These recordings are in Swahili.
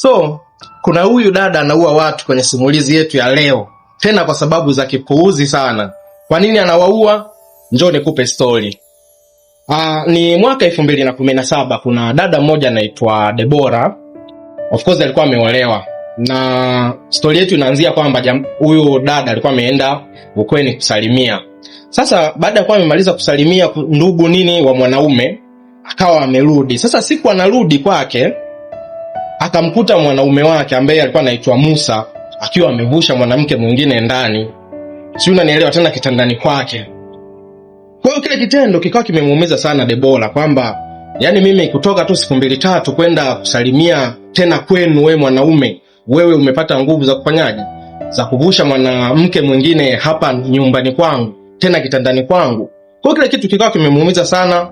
So kuna huyu dada anaua watu kwenye simulizi yetu ya leo, tena kwa sababu za kipuuzi sana. Kwa nini anawaua? Njoo nikupe stori. Aa, ah, ni mwaka elfu mbili na kumi na saba. Kuna dada mmoja anaitwa Debora, of course alikuwa ameolewa na stori yetu inaanzia kwamba huyu dada alikuwa ameenda ukweni kusalimia. Sasa baada ya kuwa amemaliza kusalimia ndugu nini wa mwanaume, akawa amerudi. Sasa siku anarudi kwake akamkuta mwanaume wake ambaye alikuwa anaitwa Musa akiwa amevusha mwanamke mwingine ndani, si unanielewa tena, kitandani kwake. Kwa hiyo kile kitendo kikawa kimemuumiza sana Debora, kwamba yaani mimi kutoka tu siku mbili tatu kwenda kusalimia tena kwenu, wewe mwanaume, wewe umepata nguvu za kufanyaje, za kuvusha mwanamke mwingine hapa nyumbani kwangu, tena kitandani kwangu. Kwa kile kitu kikawa kimemuumiza sana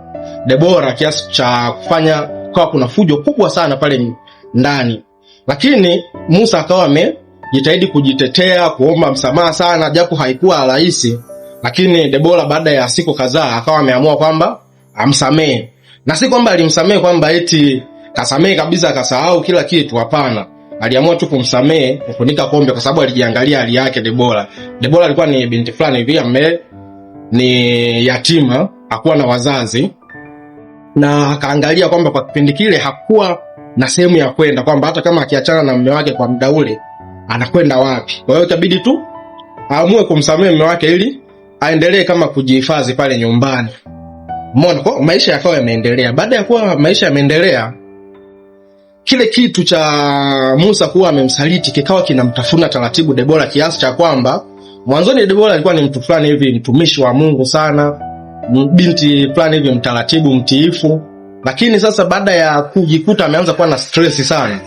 Debora kiasi cha kufanya kwa kuna fujo kubwa sana pale ndani. Lakini Musa akawa amejitahidi kujitetea, kuomba msamaha sana, japo haikuwa rahisi. Lakini Debora baada ya siku kadhaa akawa ameamua kwamba amsamehe, na si kwamba alimsamehe kwamba eti kasamehe kabisa akasahau kila kitu. Hapana, aliamua tu kumsamehe, kufunika kombe, kwa sababu alijiangalia hali yake. Debora Debora alikuwa ni binti fulani hivi ambaye ni yatima, hakuwa na wazazi, na akaangalia kwamba kwa kipindi kile hakuwa na sehemu ya kwenda, kwamba hata kama akiachana na mume wake kwa muda ule anakwenda wapi. Kwa hiyo itabidi tu aamue kumsamehe mume wake ili aendelee kama kujihifadhi pale nyumbani. Umeona, kwa maisha yakawa yameendelea. Baada ya kuwa maisha yameendelea, kile kitu cha Musa kuwa amemsaliti kikawa kinamtafuna taratibu Debora, kiasi cha kwamba mwanzoni Debora alikuwa ni mtu fulani hivi mtumishi wa Mungu sana, binti fulani hivi mtaratibu, mtiifu, lakini sasa baada ya kujikuta ameanza kuwa na stress sana,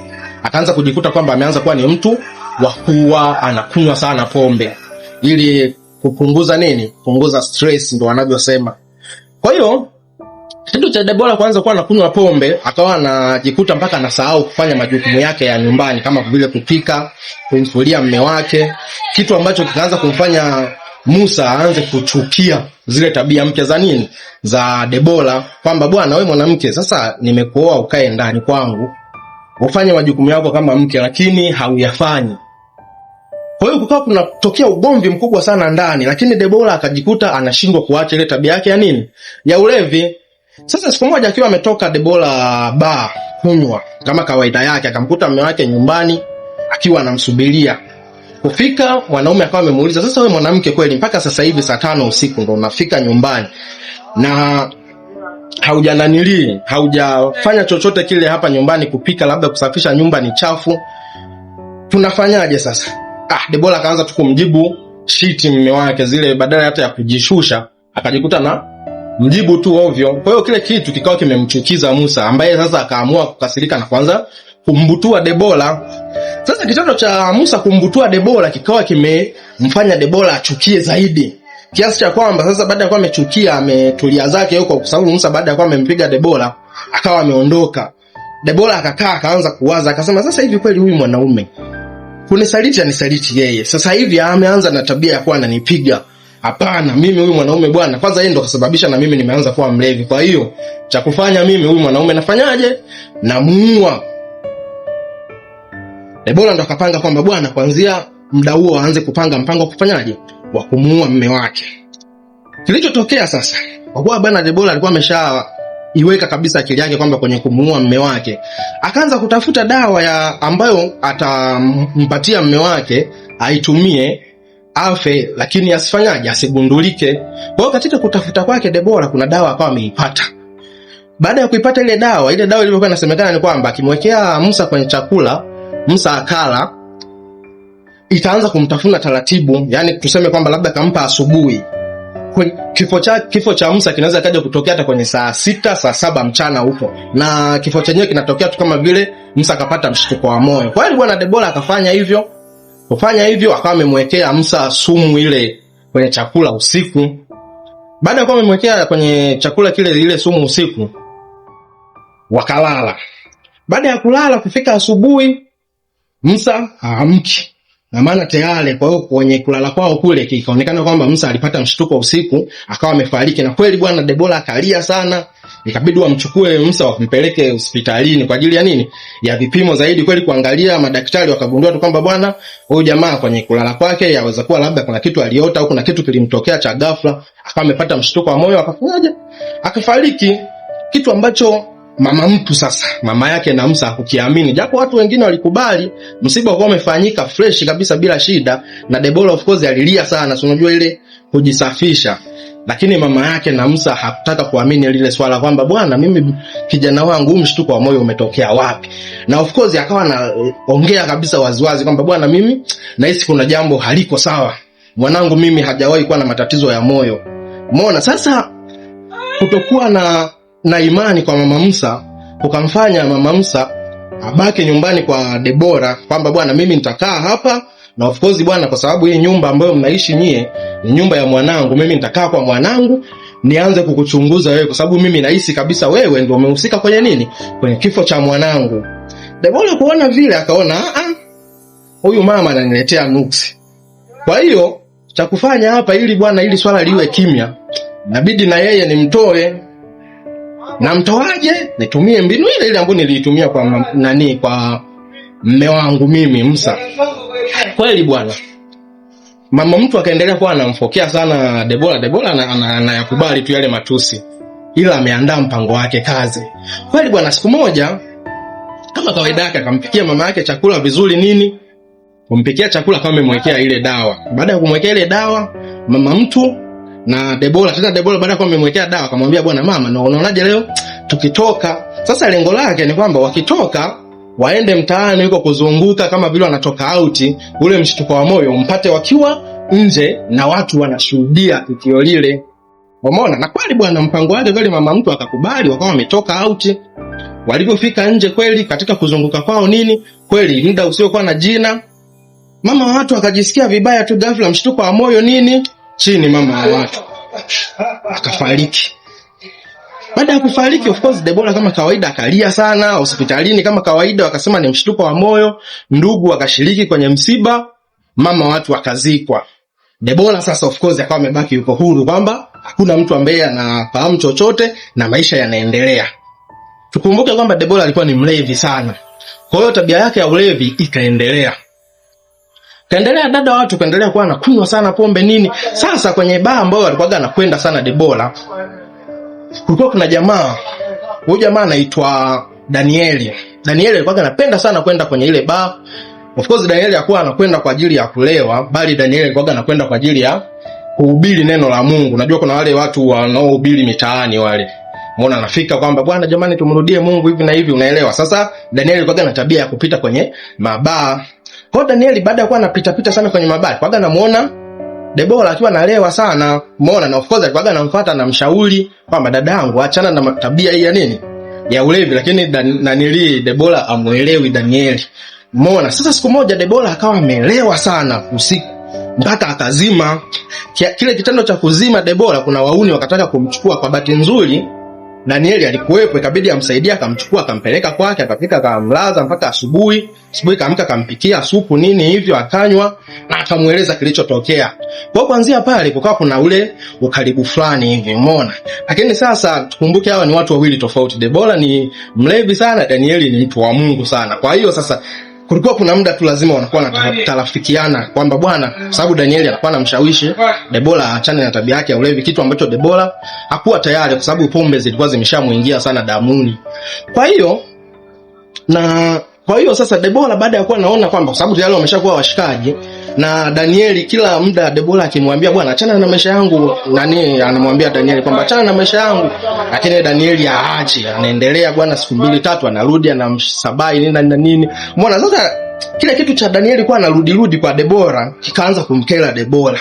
akaanza kujikuta kwamba ameanza kuwa ni mtu wa kuwa anakunywa sana pombe ili kupunguza nini? Kupunguza stress, ndo wanavyosema. Kwa hiyo kitendo cha Debora kuanza kuwa anakunywa pombe, akawa anajikuta mpaka anasahau kufanya majukumu yake ya nyumbani kama vile kupika, kumfulia mme wake, kitu ambacho kikaanza kumfanya Musa aanze kuchukia zile tabia mpya za nini za Debora, kwamba bwana, we mwanamke, sasa nimekuoa ukae ndani kwangu ufanye majukumu yako kama mke, lakini hauyafanyi. Kwa hiyo kukawa kunatokea ugomvi mkubwa sana ndani, lakini Debora akajikuta anashindwa kuacha ile tabia yake ya nini ya ulevi. Sasa siku moja akiwa ametoka Debora ba kunywa kama kawaida yake, akamkuta mume wake nyumbani akiwa anamsubiria Kufika mwanaume akawa amemuuliza, sasa wewe mwanamke, kweli mpaka sasa hivi saa tano usiku ndo unafika nyumbani na haujananilii haujafanya chochote kile hapa nyumbani, kupika labda kusafisha nyumba ni chafu, tunafanyaje sasa? Ah, Debora akaanza tu kumjibu shiti mme wake zile, badala hata ya kujishusha akajikuta na mjibu tu ovyo. Kwa hiyo kile kitu kikawa kimemchukiza Musa, ambaye sasa akaamua kukasirika na kwanza kumbutua Debora. Sasa kitendo cha Musa kumbutua Debora kikawa kimemfanya Debora achukie zaidi kiasi cha kwamba sasa baada ya kuwa amechukia ametulia zake huko, kwa sababu Musa baada ya kuwa amempiga Debora akawa ameondoka. Debora akakaa akaanza kuwaza, akasema sasa hivi kweli huyu mwanaume kunisaliti anisaliti yeye, sasa hivi ameanza na tabia ya kuwa ananipiga. Hapana, mimi huyu mwanaume bwana, kwanza yeye ndo kasababisha na mimi nimeanza kuwa mlevi. Kwa hiyo cha kufanya mimi huyu mwanaume nafanyaje? Namuua. Debora ndo akapanga kwamba bwana, kuanzia muda huo aanze kupanga mpango wa kufanyaje wa kumuua mme wake. Kilichotokea sasa, kwa kuwa bwana Debora alikuwa amesha iweka kabisa akili yake kwamba kwenye kumuua mme wake, akaanza kutafuta dawa ya ambayo atampatia mme wake aitumie afe, lakini asifanyaje, asigundulike. Kwa hiyo katika kutafuta kwake Debora, kuna dawa akawa ameipata. Baada ya kuipata ile dawa, ile dawa ilivyokuwa inasemekana ni kwamba akimwekea Musa kwenye chakula Musa akala, itaanza kumtafuna taratibu, yani tuseme kwamba labda kampa asubuhi. Kifo cha kifo cha Musa kinaweza kaja kutokea hata kwenye saa sita, saa saba mchana huko, na kifo chenyewe kinatokea tu kama vile Musa akapata mshtuko wa moyo. Kwa hiyo bwana Debora akafanya hivyo, kufanya hivyo akawa amemwekea Musa sumu ile kwenye chakula usiku. Baada ya kuwa amemwekea kwenye chakula kile ile sumu usiku, wakalala. Baada ya kulala, kufika asubuhi Musa haamki na maana tayari. Kwa hiyo kwenye kulala kwao kule kikaonekana kwamba Musa alipata mshtuko usiku akawa amefariki, na kweli bwana Debora akalia sana, ikabidi wamchukue Musa wampeleke hospitalini kwa ajili ya nini, ya vipimo zaidi. Kweli kuangalia, madaktari wakagundua tu kwamba bwana huyu jamaa kwenye kulala kwake yaweza kuwa labda kuna kitu aliota au kuna kitu kilimtokea cha ghafla, akawa amepata mshtuko wa moyo, akafanyaje, akafariki, kitu ambacho mama mtu sasa, mama yake na Musa ukiamini, japo watu wengine walikubali. Msiba ukawa umefanyika fresh kabisa bila shida, na Debora of course alilia sana, si unajua ile kujisafisha, lakini mama yake na Musa hakutaka kuamini lile swala kwamba bwana, mimi kijana wangu, mshtuko wa moyo umetokea wapi? Na of course akawa anaongea eh, kabisa waziwazi kwamba bwana, mimi nahisi kuna jambo haliko sawa, mwanangu mimi hajawahi kuwa na matatizo ya moyo. Umeona sasa, kutokuwa na na imani kwa Mama Musa kukamfanya Mama Musa abaki nyumbani kwa Debora, kwamba bwana, mimi nitakaa hapa na of course bwana, kwa sababu hii nyumba ambayo mnaishi nyie ni nyumba ya mwanangu, mimi nitakaa kwa mwanangu nianze kukuchunguza wewe, kwa sababu mimi nahisi kabisa wewe ndio umehusika kwenye nini, kwenye kifo cha mwanangu. Debora kuona vile, akaona ah, ah huyu mama ananiletea nuksi. Kwa hiyo cha kufanya hapa, ili bwana, ili swala liwe kimya, nabidi na yeye nimtoe na mtoaje, nitumie mbinu ile ile ambayo niliitumia kwa nani, kwa mme wangu mimi Musa. Kweli bwana, mama mtu akaendelea kuwa anamfokea sana Debora. Debora anayakubali na, na, tu yale matusi, ila ameandaa mpango wake kazi. Kweli bwana, siku moja kama kawaida yake akampikia mama yake chakula vizuri nini, kumpikia chakula kama amemwekea ile dawa. Baada ya kumwekea ile dawa, mama mtu na Debora. Sasa Debora baada ya kuwa amemwekea dawa akamwambia, bwana mama, na unaonaje leo tukitoka? Sasa lengo lake ni kwamba wakitoka waende mtaani huko kuzunguka, kama vile wanatoka auti, ule mshtuko wa moyo mpate wakiwa nje na watu wanashuhudia tukio lile. Umeona? Na kweli bwana, mpango wake kweli, mama mtu akakubali, wakawa wametoka auti. Walipofika nje kweli, katika kuzunguka kwao nini, kweli muda usiokuwa na jina, mama watu akajisikia vibaya tu, ghafla mshtuko wa moyo nini chini mama wa watu akafariki. Baada ya kufariki, of course, Debora kama kawaida akalia sana hospitalini kama kawaida, wakasema ni mshtuko wa moyo. Ndugu akashiriki kwenye msiba, mama watu akazikwa. Debora sasa, of course, akawa amebaki yuko huru kwamba hakuna mtu ambaye anafahamu chochote na maisha yanaendelea. Tukumbuke kwamba Debora alikuwa ni mlevi sana, kwa hiyo tabia yake ya ulevi ikaendelea. Kaendelea dada watu kaendelea kuwa anakunywa sana pombe nini. Sasa kwenye baa ambayo alikuwa anakwenda sana Debora, kulikuwa kuna jamaa, huyo jamaa anaitwa Danieli. Danieli alikuwa anapenda sana kwenda kwenye ile baa. Of course Danieli hakuwa anakwenda kwa ajili ya kulewa, bali Danieli alikuwa anakwenda kwa ajili ya kuhubiri neno la Mungu. Najua kuna wale watu wanaohubiri mitaani wale. Mbona anafika kwamba bwana, jamani, tumrudie Mungu hivi na hivi, unaelewa? Sasa Danieli alikuwa na tabia ya kupita kwenye mabaa kwa Danieli baada ya kuwa anapita pita sana kwenye mabari, kwaga namuona Debora akiwa analewa sana, muona na of course alikuwa anamfuata na mshauri kwamba dada yangu achana na tabia hii ya nini? Ya ulevi, lakini Danieli Debora amuelewi Danieli. Muona Sasa siku moja Debora akawa amelewa sana usiku mpaka akazima. Kile kitendo cha kuzima Debora, kuna wauni wakataka kumchukua, kwa bahati nzuri Danieli alikuwepo, ikabidi amsaidia akamchukua akampeleka kwake, akafika akamlaza mpaka asubuhi. Asubuhi kaamka, akampikia supu nini hivyo, akanywa na akamweleza kilichotokea. Kwa kuanzia pale kukawa kuna ule ukaribu fulani hivi, umeona. Lakini sasa tukumbuke hawa ni watu wawili tofauti. Debora ni mlevi sana, Danieli ni mtu wa Mungu sana. Kwa hiyo sasa kulikuwa kuna muda tu lazima wanakuwa tarafikiana kwamba bwana, mm. sababu Danieli alikuwa anamshawishi Debora aachane na tabia yake ya ulevi, kitu ambacho Debora hakuwa tayari, kwa sababu pombe zilikuwa zimeshamuingia sana damuni. Kwa hiyo na kwa hiyo sasa Debora baada ya kuwa naona kwamba kwa sababu tayari wameshakuwa washikaji na Danieli kila muda Debora akimwambia bwana, achana na maisha yangu, nani anamwambia Danieli kwamba achana na maisha yangu, lakini Danieli aache, anaendelea bwana, siku mbili tatu anarudi anamsabai nini na nini. Umeona sasa, kile kitu cha Danieli kwa anarudi rudi kwa Debora kikaanza kumkera Debora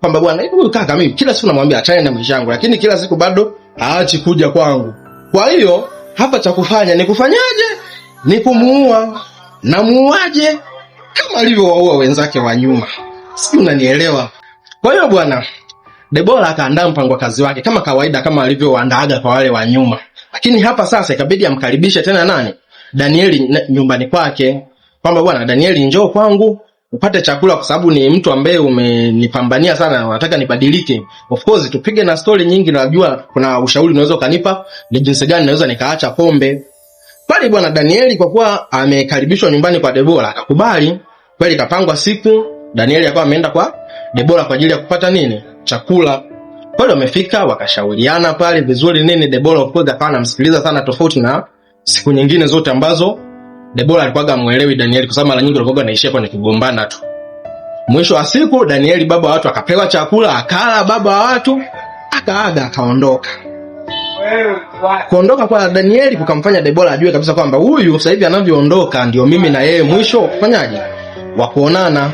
kwamba bwana, huyu kaka mimi kila siku namwambia achane na maisha yangu, lakini kila siku bado haachi kuja kwangu. Kwa hiyo hapa cha kufanya ni kufanyaje? Ni kumuua. Namuuaje? kama alivyowaua wenzake wa nyuma, sijui unanielewa. Kwa hiyo bwana Debora akaandaa mpango wa kazi wake kama kawaida, kama alivyoandaaga kwa wale wa nyuma, lakini hapa sasa ikabidi amkaribishe tena nani, Danieli nyumbani kwake, kwamba bwana Danieli, njoo kwangu upate chakula, kwa sababu ni mtu ambaye umenipambania sana, nataka nibadilike. Of course tupige na stori nyingi, najua kuna ushauri unaweza ukanipa ni jinsi gani naweza nikaacha pombe pale. Bwana Danieli kwa kuwa amekaribishwa nyumbani kwa Debora akakubali Kweli ikapangwa siku, Danieli akawa ameenda kwa Debora kwa ajili ya kupata nini? Chakula. Kweli wamefika wakashauriana pale vizuri nini. Debora of course akawa anamsikiliza sana, tofauti na siku nyingine zote ambazo Debora alikuwa hamuelewi Danieli, kwa sababu mara nyingi alikuwa anaishia kwenye kugombana tu. Mwisho wa siku Danieli baba wa watu akapewa chakula, akala baba wa watu, akaaga akaondoka. Kuondoka kwa Danieli kukamfanya Debora ajue kabisa kwamba huyu sasa hivi anavyoondoka ndio mimi na yeye mwisho kufanyaje wa kuonana.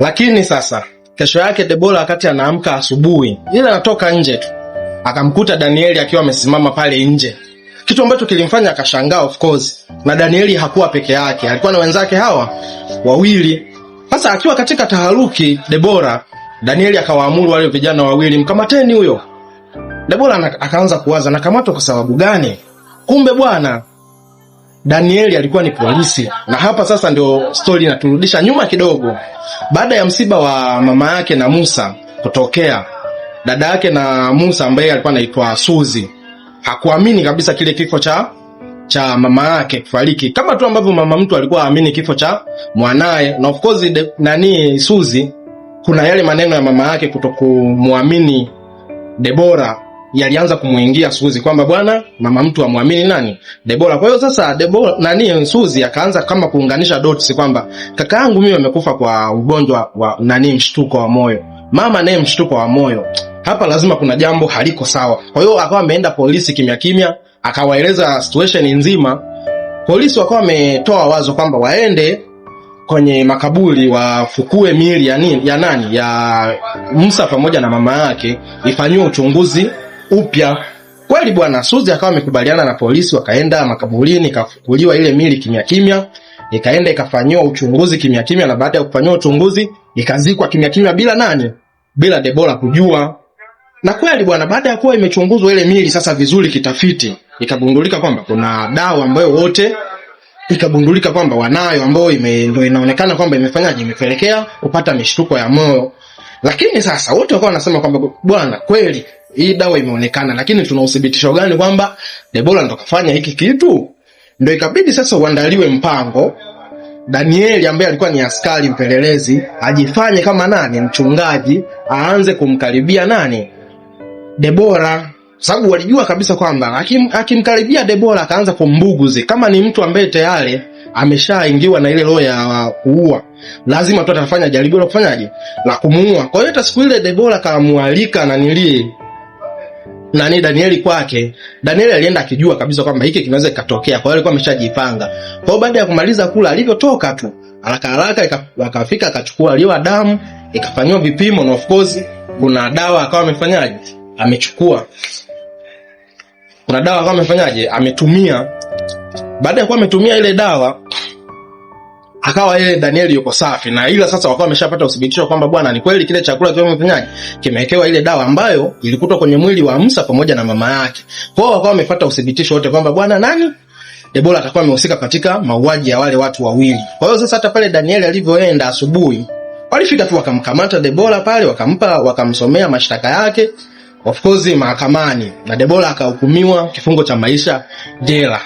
Lakini sasa kesho yake Debora wakati anaamka asubuhi, ila anatoka nje tu akamkuta Danieli akiwa amesimama pale nje, kitu ambacho kilimfanya akashangaa. Of course na Danieli hakuwa peke yake, alikuwa na wenzake hawa wawili. Sasa akiwa katika taharuki, Debora Danieli akawaamuru wale vijana wawili, mkamateni huyo. Debora akaanza kuwaza, nakamatwa kwa sababu gani? Kumbe bwana Danieli alikuwa ni polisi, na hapa sasa ndio stori inaturudisha nyuma kidogo. Baada ya msiba wa mama yake na Musa kutokea, dada yake na Musa ambaye alikuwa anaitwa Suzi hakuamini kabisa kile kifo cha cha mama yake kufariki, kama tu ambavyo mama mtu alikuwa aamini kifo cha mwanaye. Na of course de, nani Suzi, kuna yale maneno ya mama yake kutokumwamini Debora yalianza kumuingia Suzi kwamba bwana mama mtu amwamini nani Debora. Kwa hiyo sasa Debora nani Suzi akaanza kama kuunganisha dots kwamba kaka yangu mimi amekufa kwa ugonjwa wa nani mshtuko wa moyo, mama naye mshtuko wa moyo, hapa lazima kuna jambo haliko sawa. Kwa hiyo akawa ameenda polisi kimya kimya, akawaeleza situation nzima. Polisi wakawa wametoa wazo kwamba waende kwenye makaburi wafukue miili ya nini ya nani ya Musa pamoja na mama yake, ifanyiwe uchunguzi upya. Kweli bwana Suzi akawa amekubaliana na polisi, wakaenda makaburini, ikafukuliwa ile mili kimya kimya, ikaenda ikafanyiwa uchunguzi kimya kimya, na baada ya kufanyiwa uchunguzi ikazikwa kimya kimya bila nani, bila Debora kujua. Na kweli bwana, baada ya kuwa imechunguzwa ile mili sasa vizuri kitafiti, ikagundulika kwamba kuna dawa ambayo wote ikagundulika kwamba wanayo ambayo ndio inaonekana kwamba imefanyaje, imepelekea kupata mishtuko ya moyo. Lakini sasa wote wakawa wanasema kwamba bwana, kweli hii dawa imeonekana, lakini tuna uthibitisho gani kwamba Debora ndo kafanya hiki kitu? Ndio ikabidi sasa uandaliwe mpango Danieli ambaye alikuwa ni askari mpelelezi ajifanye kama nani, mchungaji, aanze kumkaribia nani, Debora, sababu walijua kabisa kwamba akim, akimkaribia Debora akaanza kumbuguzi, kama ni mtu ambaye tayari ameshaingiwa na ile roho ya kuua, lazima tu atafanya jaribio la kufanyaje, la kumuua. Kwa hiyo hata siku ile Debora kamualika na nilie nani Danieli kwake, Danieli alienda akijua kabisa kwamba hiki kinaweza kikatokea, kwa hiyo alikuwa ameshajipanga. Kwa hiyo baada ya kumaliza kula, alivyotoka tu haraka haraka akafika akachukua aliwa damu ikafanywa vipimo, na of course kuna dawa akawa amefanyaje, amechukua kuna dawa akawa amefanyaje, ametumia. Baada ya kuwa ametumia ile dawa akawa yeye Danieli yuko safi, na ila sasa wakawa wameshapata uthibitisho kwamba bwana, ni kweli kile chakula kimefanyaje, kimewekewa ile dawa ambayo ilikutwa kwenye mwili wa Musa pamoja na mama yake. Kwao wakawa wamepata uthibitisho wote kwamba bwana nani Debora atakuwa amehusika katika mauaji ya wale watu wawili. Kwa hiyo sasa hata pale Danieli alivyoenda asubuhi, walifika tu wakamkamata Debora pale, wakampa wakamsomea mashtaka yake of course mahakamani, na Debora akahukumiwa kifungo cha maisha jela.